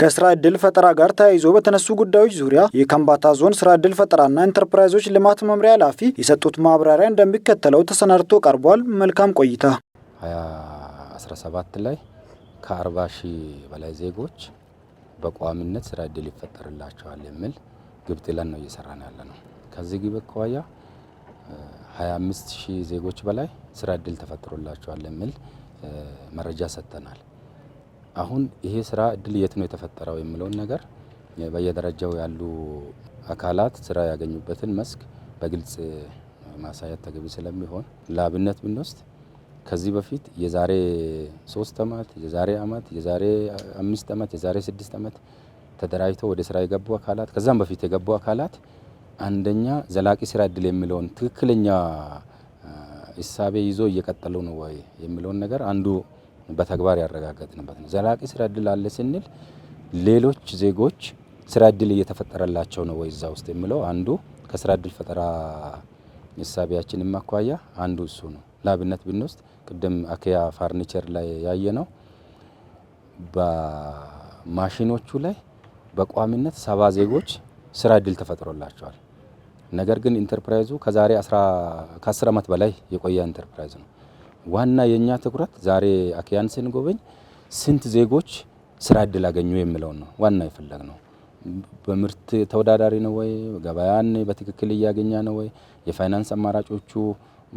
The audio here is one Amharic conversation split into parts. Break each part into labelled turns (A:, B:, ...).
A: ከስራ ዕድል ፈጠራ ጋር ተያይዞ በተነሱ ጉዳዮች ዙሪያ የከምባታ ዞን ስራ ዕድል ፈጠራና ኢንተርፕራይዞች ልማት መምሪያ ኃላፊ የሰጡት ማብራሪያ እንደሚከተለው ተሰናድቶ ቀርቧል። መልካም ቆይታ።
B: 2017 ላይ ከ40 ሺህ በላይ ዜጎች በቋሚነት ስራ ዕድል ይፈጠርላቸዋል የሚል ግብ ጥለን ነው እየሰራን ያለ ነው። ከዚህ ግብ አኳያ 25 ሺህ ዜጎች በላይ ስራ ዕድል ተፈጥሮላቸዋል የሚል መረጃ ሰጥተናል። አሁን ይሄ ስራ እድል የት ነው የተፈጠረው የሚለውን ነገር በየደረጃው ያሉ አካላት ስራ ያገኙበትን መስክ በግልጽ ማሳየት ተገቢ ስለሚሆን ለአብነት ብንወስድ ከዚህ በፊት የዛሬ ሶስት አመት፣ የዛሬ አመት፣ የዛሬ አምስት አመት፣ የዛሬ ስድስት አመት ተደራጅተው ወደ ስራ የገቡ አካላት ከዛም በፊት የገቡ አካላት አንደኛ ዘላቂ ስራ እድል የሚለውን ትክክለኛ እሳቤ ይዞ እየቀጠሉ ነው ወይ የሚለውን ነገር አንዱ በተግባር ያረጋገጥንበት ነው። ዘላቂ ስራ እድል አለ ስንል ሌሎች ዜጎች ስራ እድል እየተፈጠረላቸው ነው ወይ እዛ ውስጥ የሚለው አንዱ ከስራ እድል ፈጠራ እሳቢያችንም የማኳያ አንዱ እሱ ነው። ለአብነት ብንወስድ ቅድም አኪያ ፋርኒቸር ላይ ያየ ነው በማሽኖቹ ላይ በቋሚነት ሰባ ዜጎች ስራ እድል ተፈጥሮላቸዋል። ነገር ግን ኢንተርፕራይዙ ከዛሬ ከአስር ዓመት በላይ የቆየ ኢንተርፕራይዝ ነው። ዋና የእኛ ትኩረት ዛሬ አኪያን ስንጎበኝ ስንት ዜጎች ስራ እድል አገኙ የሚለውን ነው ዋና የፈለግ ነው። በምርት ተወዳዳሪ ነው ወይ? ገበያን በትክክል እያገኘ ነው ወይ? የፋይናንስ አማራጮቹ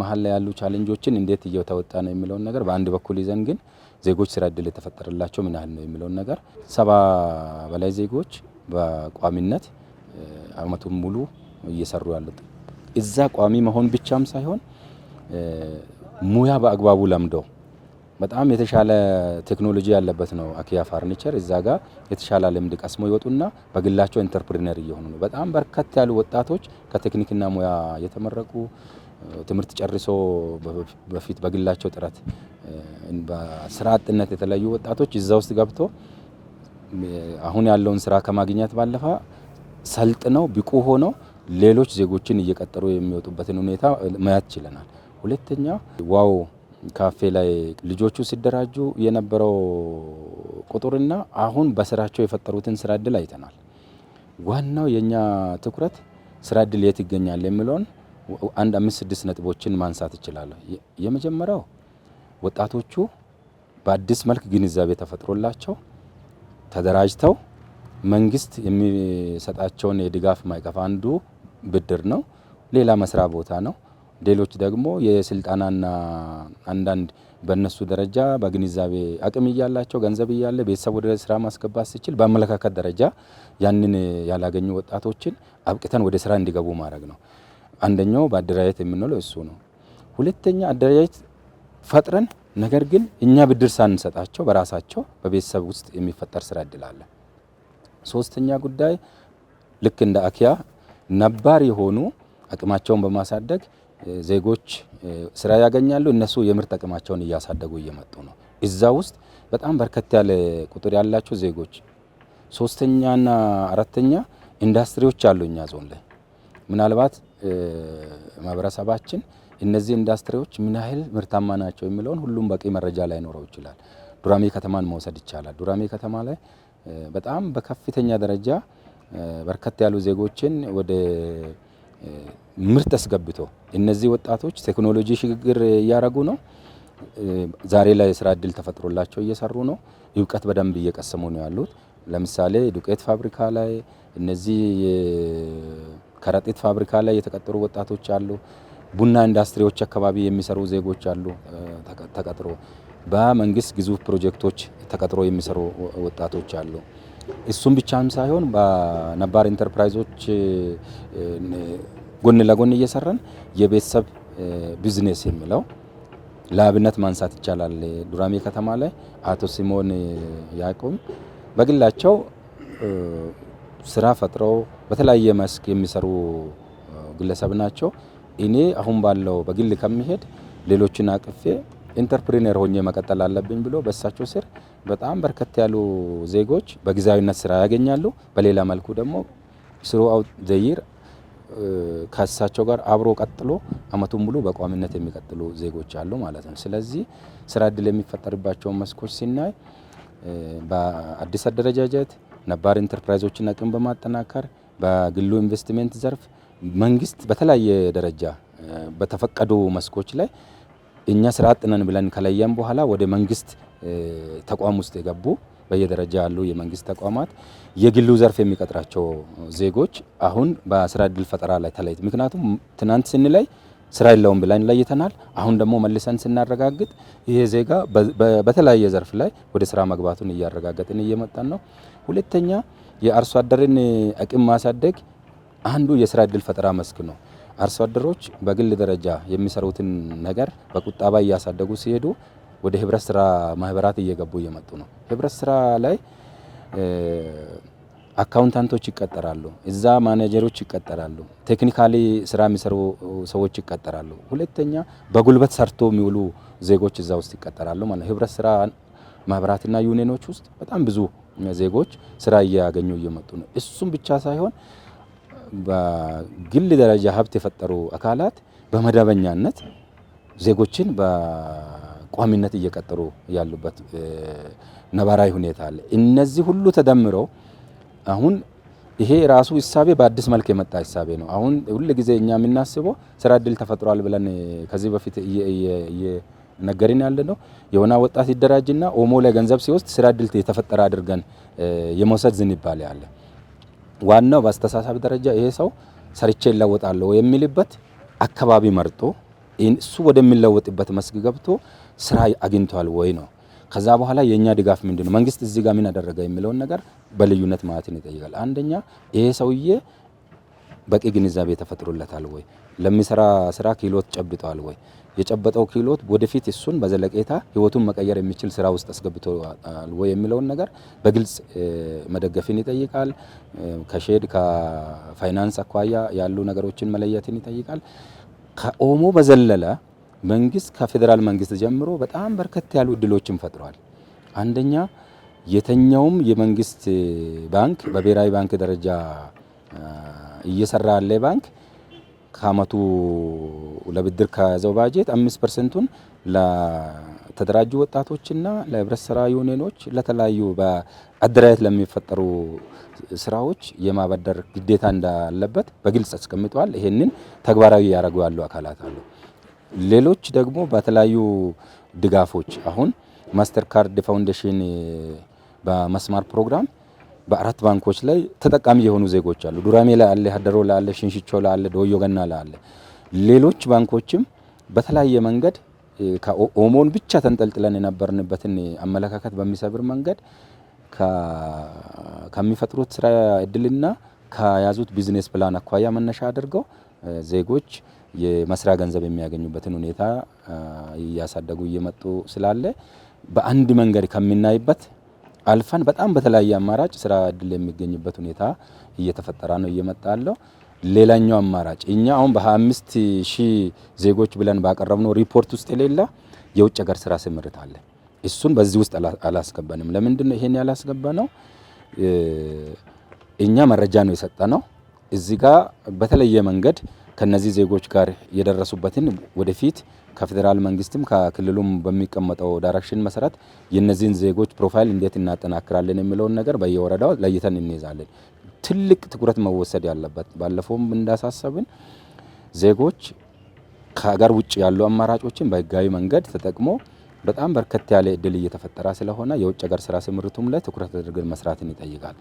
B: መሀል ላይ ያሉ ቻሌንጆችን እንዴት እየተወጣ ነው የሚለውን ነገር በአንድ በኩል ይዘን ግን ዜጎች ስራ እድል የተፈጠረላቸው ምን ያህል ነው የሚለውን ነገር ሰባ በላይ ዜጎች በቋሚነት አመቱን ሙሉ እየሰሩ ያሉት እዛ ቋሚ መሆን ብቻም ሳይሆን ሙያ በአግባቡ ለምዶ በጣም የተሻለ ቴክኖሎጂ ያለበት ነው። አኪያ ፋርኒቸር እዛ ጋ የተሻለ ልምድ ቀስሞ ይወጡና በግላቸው ኢንተርፕሪነር እየሆኑ ነው። በጣም በርከት ያሉ ወጣቶች ከቴክኒክና ሙያ የተመረቁ ትምህርት ጨርሶ በፊት በግላቸው ጥረት በስራ አጥነት የተለያዩ ወጣቶች እዛ ውስጥ ገብቶ አሁን ያለውን ስራ ከማግኘት ባለፈ ሰልጥነው ብቁ ሆነው ሌሎች ዜጎችን እየቀጠሩ የሚወጡበትን ሁኔታ ማየት ችለናል። ሁለተኛ ዋው ካፌ ላይ ልጆቹ ሲደራጁ የነበረው ቁጥርና አሁን በስራቸው የፈጠሩትን ስራ እድል አይተናል። ዋናው የእኛ ትኩረት ስራ እድል የት ይገኛል የሚለውን አንድ አምስት ስድስት ነጥቦችን ማንሳት እችላለሁ። የመጀመሪያው ወጣቶቹ በአዲስ መልክ ግንዛቤ ተፈጥሮላቸው ተደራጅተው መንግስት የሚሰጣቸውን የድጋፍ ማይቀፍ አንዱ ብድር ነው፣ ሌላ መስሪያ ቦታ ነው። ሌሎች ደግሞ የስልጠናና አንዳንድ በእነሱ ደረጃ በግንዛቤ አቅም እያላቸው ገንዘብ እያለ ቤተሰብ ወደ ስራ ማስገባት ሲችል በአመለካከት ደረጃ ያንን ያላገኙ ወጣቶችን አብቅተን ወደ ስራ እንዲገቡ ማድረግ ነው። አንደኛው በአደራጀት የምንለው እሱ ነው። ሁለተኛ አደራጀት ፈጥረን ነገር ግን እኛ ብድር ሳንሰጣቸው በራሳቸው በቤተሰብ ውስጥ የሚፈጠር ስራ እድል አለ። ሶስተኛ ጉዳይ ልክ እንደ አኪያ ነባር የሆኑ አቅማቸውን በማሳደግ ዜጎች ስራ ያገኛሉ። እነሱ የምርት ጥቅማቸውን እያሳደጉ እየመጡ ነው። እዛ ውስጥ በጣም በርከት ያለ ቁጥር ያላቸው ዜጎች ሶስተኛና አራተኛ ኢንዱስትሪዎች አሉ እኛ ዞን ላይ። ምናልባት ማህበረሰባችን እነዚህ ኢንዱስትሪዎች ምን ያህል ምርታማ ናቸው የሚለውን ሁሉም በቂ መረጃ ላይኖረው ይችላል። ዱራሜ ከተማን መውሰድ ይቻላል። ዱራሜ ከተማ ላይ በጣም በከፍተኛ ደረጃ በርከት ያሉ ዜጎችን ወደ ምርት አስገብቶ እነዚህ ወጣቶች ቴክኖሎጂ ሽግግር እያደረጉ ነው። ዛሬ ላይ የስራ እድል ተፈጥሮላቸው እየሰሩ ነው። እውቀት በደንብ እየቀሰሙ ነው ያሉት። ለምሳሌ ዱቄት ፋብሪካ ላይ፣ እነዚህ ከረጢት ፋብሪካ ላይ የተቀጠሩ ወጣቶች አሉ። ቡና ኢንዱስትሪዎች አካባቢ የሚሰሩ ዜጎች አሉ ተቀጥሮ በመንግስት ግዙፍ ፕሮጀክቶች ተቀጥሮ የሚሰሩ ወጣቶች አሉ። እሱም ብቻም ሳይሆን በነባር ኢንተርፕራይዞች ጎን ለጎን እየሰራን የቤተሰብ ቢዝነስ የሚለው ለአብነት ማንሳት ይቻላል። ዱራሜ ከተማ ላይ አቶ ሲሞን ያዕቆብ በግላቸው ስራ ፈጥረው በተለያየ መስክ የሚሰሩ ግለሰብ ናቸው። እኔ አሁን ባለው በግል ከሚሄድ ሌሎችን አቅፌ ኢንተርፕሪነር ሆኜ መቀጠል አለብኝ ብሎ በእሳቸው ስር በጣም በርከት ያሉ ዜጎች በጊዜያዊነት ስራ ያገኛሉ። በሌላ መልኩ ደግሞ ስሩ አውት ዘይር ከእሳቸው ጋር አብሮ ቀጥሎ አመቱን ሙሉ በቋሚነት የሚቀጥሉ ዜጎች አሉ ማለት ነው። ስለዚህ ስራ እድል የሚፈጠርባቸውን መስኮች ሲናይ በአዲስ አደረጃጀት ነባር ኢንተርፕራይዞችን አቅም በማጠናከር በግሉ ኢንቨስትመንት ዘርፍ መንግስት በተለያየ ደረጃ በተፈቀዱ መስኮች ላይ እኛ ስራ አጥነን ብለን ከለየን በኋላ ወደ መንግስት ተቋም ውስጥ የገቡ በየደረጃ ያሉ የመንግስት ተቋማት የግሉ ዘርፍ የሚቀጥራቸው ዜጎች አሁን በስራ እድል ፈጠራ ላይ ተለይት ምክንያቱም ትናንት ስንለይ ስራ የለውም ብለን ለይተናል። አሁን ደግሞ መልሰን ስናረጋግጥ ይሄ ዜጋ በተለያየ ዘርፍ ላይ ወደ ስራ መግባቱን እያረጋገጥን እየመጣን ነው። ሁለተኛ የአርሶ አደርን አቅም ማሳደግ አንዱ የስራ እድል ፈጠራ መስክ ነው። አርሶ አደሮች በግል ደረጃ የሚሰሩትን ነገር በቁጠባ እያሳደጉ ሲሄዱ ወደ ህብረት ስራ ማህበራት እየገቡ እየመጡ ነው። ህብረት ስራ ላይ አካውንታንቶች ይቀጠራሉ፣ እዛ ማኔጀሮች ይቀጠራሉ፣ ቴክኒካሊ ስራ የሚሰሩ ሰዎች ይቀጠራሉ። ሁለተኛ በጉልበት ሰርቶ የሚውሉ ዜጎች እዛ ውስጥ ይቀጠራሉ ማለት ህብረት ስራ ማህበራትና ዩኒየኖች ውስጥ በጣም ብዙ ዜጎች ስራ እያገኙ እየመጡ ነው። እሱም ብቻ ሳይሆን በግል ደረጃ ሀብት የፈጠሩ አካላት በመደበኛነት ዜጎችን በቋሚነት እየቀጠሩ ያሉበት ነባራዊ ሁኔታ አለ። እነዚህ ሁሉ ተደምረው አሁን ይሄ ራሱ እሳቤ በአዲስ መልክ የመጣ እሳቤ ነው። አሁን ሁል ጊዜ እኛ የምናስበው ስራ እድል ተፈጥሯል ብለን ከዚህ በፊት ነገርን ያለ ነው። የሆነ ወጣት ይደራጅና ኦሞ ላይ ገንዘብ ሲወስድ ስራ እድል የተፈጠረ አድርገን የመውሰድ ዝንባሌ አለ። ዋናው በአስተሳሰብ ደረጃ ይሄ ሰው ሰርቼ ይለወጣለሁ የሚልበት አካባቢ መርጦ እሱ ወደሚለወጥበት መስክ ገብቶ ስራ አግኝቷል ወይ ነው። ከዛ በኋላ የእኛ ድጋፍ ምንድን ነው፣ መንግስት እዚህ ጋር ምን አደረገ የሚለውን ነገር በልዩነት ማለትን ይጠይቃል። አንደኛ ይሄ ሰውዬ በቂ ግንዛቤ ተፈጥሮለታል ወይ፣ ለሚሰራ ስራ ክህሎት ጨብጧል ወይ፣ የጨበጠው ክህሎት ወደፊት እሱን በዘለቄታ ህይወቱን መቀየር የሚችል ስራ ውስጥ አስገብቷል ወይ የሚለውን ነገር በግልጽ መደገፍን ይጠይቃል። ከሼድ ከፋይናንስ አኳያ ያሉ ነገሮችን መለየትን ይጠይቃል። ከኦሞ በዘለለ መንግስት ከፌዴራል መንግስት ጀምሮ በጣም በርከት ያሉ እድሎችን ፈጥሯል። አንደኛ የተኛውም የመንግስት ባንክ በብሔራዊ ባንክ ደረጃ እየሰራ ያለ ባንክ ከአመቱ ለብድር ከያዘው ባጀት አምስት ፐርሰንቱን ለተደራጁ ወጣቶችና ለህብረት ስራ ዩኒዮኖች ለተለያዩ በአደራየት ለሚፈጠሩ ስራዎች የማበደር ግዴታ እንዳለበት በግልጽ አስቀምጠዋል። ይሄንን ተግባራዊ ያደረጉ ያሉ አካላት አሉ። ሌሎች ደግሞ በተለያዩ ድጋፎች አሁን ማስተር ካርድ ፋውንዴሽን በመስማር ፕሮግራም በአራት ባንኮች ላይ ተጠቃሚ የሆኑ ዜጎች አሉ። ዱራሜ ላይ አለ፣ ሀደሮ ላይ አለ፣ ሽንሽቾ ላይ አለ፣ ዶዮ ገና ላይ አለ። ሌሎች ባንኮችም በተለያየ መንገድ ከኦሞን ብቻ ተንጠልጥለን የነበርንበትን አመለካከት በሚሰብር መንገድ ከሚፈጥሩት ስራ እድልና ከያዙት ቢዝነስ ፕላን አኳያ መነሻ አድርገው ዜጎች የመስሪያ ገንዘብ የሚያገኙበትን ሁኔታ እያሳደጉ እየመጡ ስላለ በአንድ መንገድ ከምናይበት አልፈን በጣም በተለያየ አማራጭ ስራ እድል የሚገኝበት ሁኔታ እየተፈጠረ ነው እየመጣ ሌላኛው አማራጭ እኛ አሁን በ25 ሺህ ዜጎች ብለን ባቀረብነው ሪፖርት ውስጥ የሌለ የውጭ ሀገር ስራ ስምሪት አለ። እሱን በዚህ ውስጥ አላስገባንም። ለምንድን ነው ይሄን ያላስገባ ነው? እኛ መረጃ ነው የሰጠ ነው። እዚህ ጋር በተለየ መንገድ ከነዚህ ዜጎች ጋር የደረሱበትን ወደፊት ከፌዴራል መንግስትም ከክልሉም በሚቀመጠው ዳይሬክሽን መሰረት የነዚህን ዜጎች ፕሮፋይል እንዴት እናጠናክራለን የሚለውን ነገር በየወረዳው ለይተን እንይዛለን። ትልቅ ትኩረት መወሰድ ያለበት ባለፈውም እንዳሳሰብን ዜጎች ከሀገር ውጭ ያሉ አማራጮችን በህጋዊ መንገድ ተጠቅሞ በጣም በርከት ያለ እድል እየተፈጠረ ስለሆነ የውጭ ሀገር ስራ ስምርቱም ላይ ትኩረት አድርገን መስራትን ይጠይቃል።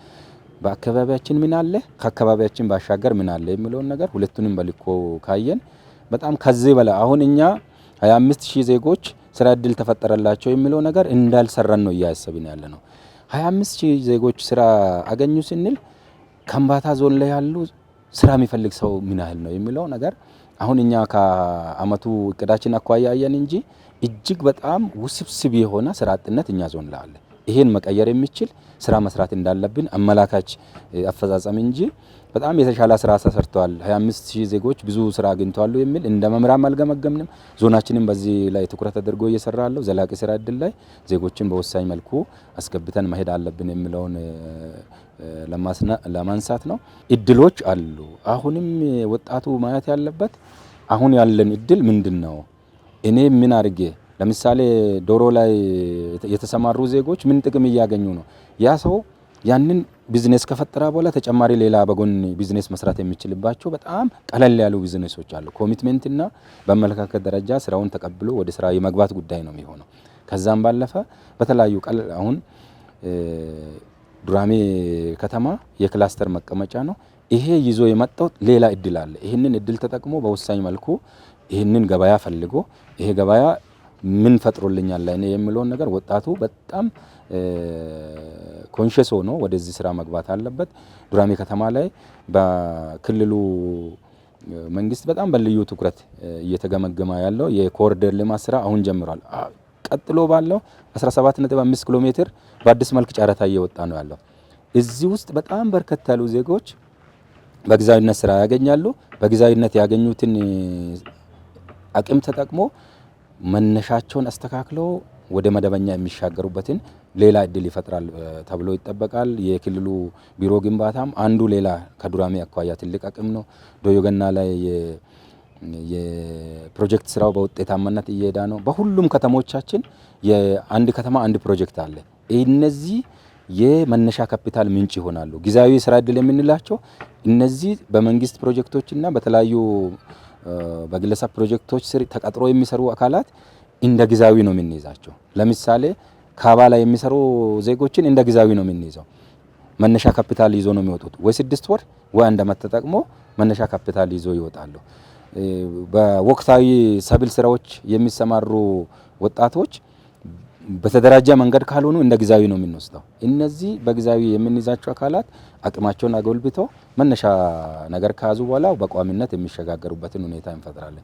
B: በአካባቢያችን ምን አለ፣ ከአካባቢያችን ባሻገር ምን አለ የሚለውን ነገር ሁለቱንም በልኮ ካየን በጣም ከዚህ በላይ አሁን እኛ 25 ሺህ ዜጎች ስራ እድል ተፈጠረላቸው የሚለው ነገር እንዳልሰራን ነው እያሰብን ያለ ነው። 25 ሺህ ዜጎች ስራ አገኙ ስንል ከምባታ ዞን ላይ ያሉ ስራ የሚፈልግ ሰው ምን ያህል ነው የሚለው ነገር አሁን እኛ ከአመቱ እቅዳችን አኳያ አየን እንጂ እጅግ በጣም ውስብስብ የሆነ ስራ አጥነት እኛ ዞን ላይ አለ። ይሄን መቀየር የሚችል ስራ መስራት እንዳለብን አመላካች አፈጻጸም እንጂ በጣም የተሻለ ስራ ተሰርተዋል፣ 25 ሺህ ዜጎች ብዙ ስራ አግኝተዋል የሚል እንደ መምራም አልገመገምንም። ዞናችንም በዚህ ላይ ትኩረት አድርጎ እየሰራ ያለው ዘላቂ ስራ እድል ላይ ዜጎችን በወሳኝ መልኩ አስገብተን መሄድ አለብን የሚለውን ለማንሳት ነው። እድሎች አሉ። አሁንም ወጣቱ ማየት ያለበት አሁን ያለን እድል ምንድን ነው? እኔ ምን አድርጌ ለምሳሌ ዶሮ ላይ የተሰማሩ ዜጎች ምን ጥቅም እያገኙ ነው? ያ ሰው ያንን ቢዝነስ ከፈጠረ በኋላ ተጨማሪ ሌላ በጎን ቢዝነስ መስራት የሚችልባቸው በጣም ቀለል ያሉ ቢዝነሶች አሉ። እና በአመለካከት ደረጃ ስራውን ተቀብሎ ወደ ስራ የመግባት ጉዳይ ነው የሚሆነው። ከዛም ባለፈ በተለያዩ ቀለል አሁን ዱራሜ ከተማ የክላስተር መቀመጫ ነው። ይሄ ይዞ የመጣው ሌላ እድል አለ። ይህንን እድል ተጠቅሞ በወሳኝ መልኩ ይህንን ገበያ ፈልጎ ይሄ ገበያ ምን ፈጥሮልኛል ላይ የሚለውን ነገር ወጣቱ በጣም ኮንሽስ ሆኖ ወደዚህ ስራ መግባት አለበት። ዱራሜ ከተማ ላይ በክልሉ መንግስት በጣም በልዩ ትኩረት እየተገመገመ ያለው የኮሪደር ልማት ስራ አሁን ጀምሯል። ቀጥሎ ባለው 17.5 ኪሎ ሜትር በአዲስ መልክ ጨረታ እየወጣ ነው ያለው። እዚህ ውስጥ በጣም በርከት ያሉ ዜጎች በጊዜያዊነት ስራ ያገኛሉ። በጊዜያዊነት ያገኙትን አቅም ተጠቅሞ መነሻቸውን አስተካክለው ወደ መደበኛ የሚሻገሩበትን ሌላ እድል ይፈጥራል ተብሎ ይጠበቃል። የክልሉ ቢሮ ግንባታም አንዱ ሌላ ከዱራሜ አኳያ ትልቅ አቅም ነው። ዶዮገና ላይ የፕሮጀክት ስራው በውጤታማነት እየሄዳ ነው። በሁሉም ከተሞቻችን የአንድ ከተማ አንድ ፕሮጀክት አለ። እነዚህ የመነሻ ካፒታል ምንጭ ይሆናሉ። ጊዜያዊ ስራ እድል የምንላቸው እነዚህ በመንግስት ፕሮጀክቶችና በተለያዩ በግለሰብ ፕሮጀክቶች ስር ተቀጥሮ የሚሰሩ አካላት እንደ ጊዜያዊ ነው የምንይዛቸው። ለምሳሌ ካባ ላይ የሚሰሩ ዜጎችን እንደ ጊዜያዊ ነው የምንይዘው። መነሻ ካፒታል ይዞ ነው የሚወጡት። ወይ ስድስት ወር ወይ አንድ ዓመት ተጠቅሞ መነሻ ካፒታል ይዞ ይወጣሉ። በወቅታዊ ሰብል ስራዎች የሚሰማሩ ወጣቶች በተደራጀ መንገድ ካልሆኑ እንደ ግዛዊ ነው የምንወስደው። እነዚህ በግዛዊ የምንይዛቸው አካላት አቅማቸውን አጎልብተው መነሻ ነገር ከያዙ በኋላ በቋሚነት የሚሸጋገሩበትን ሁኔታ እንፈጥራለን።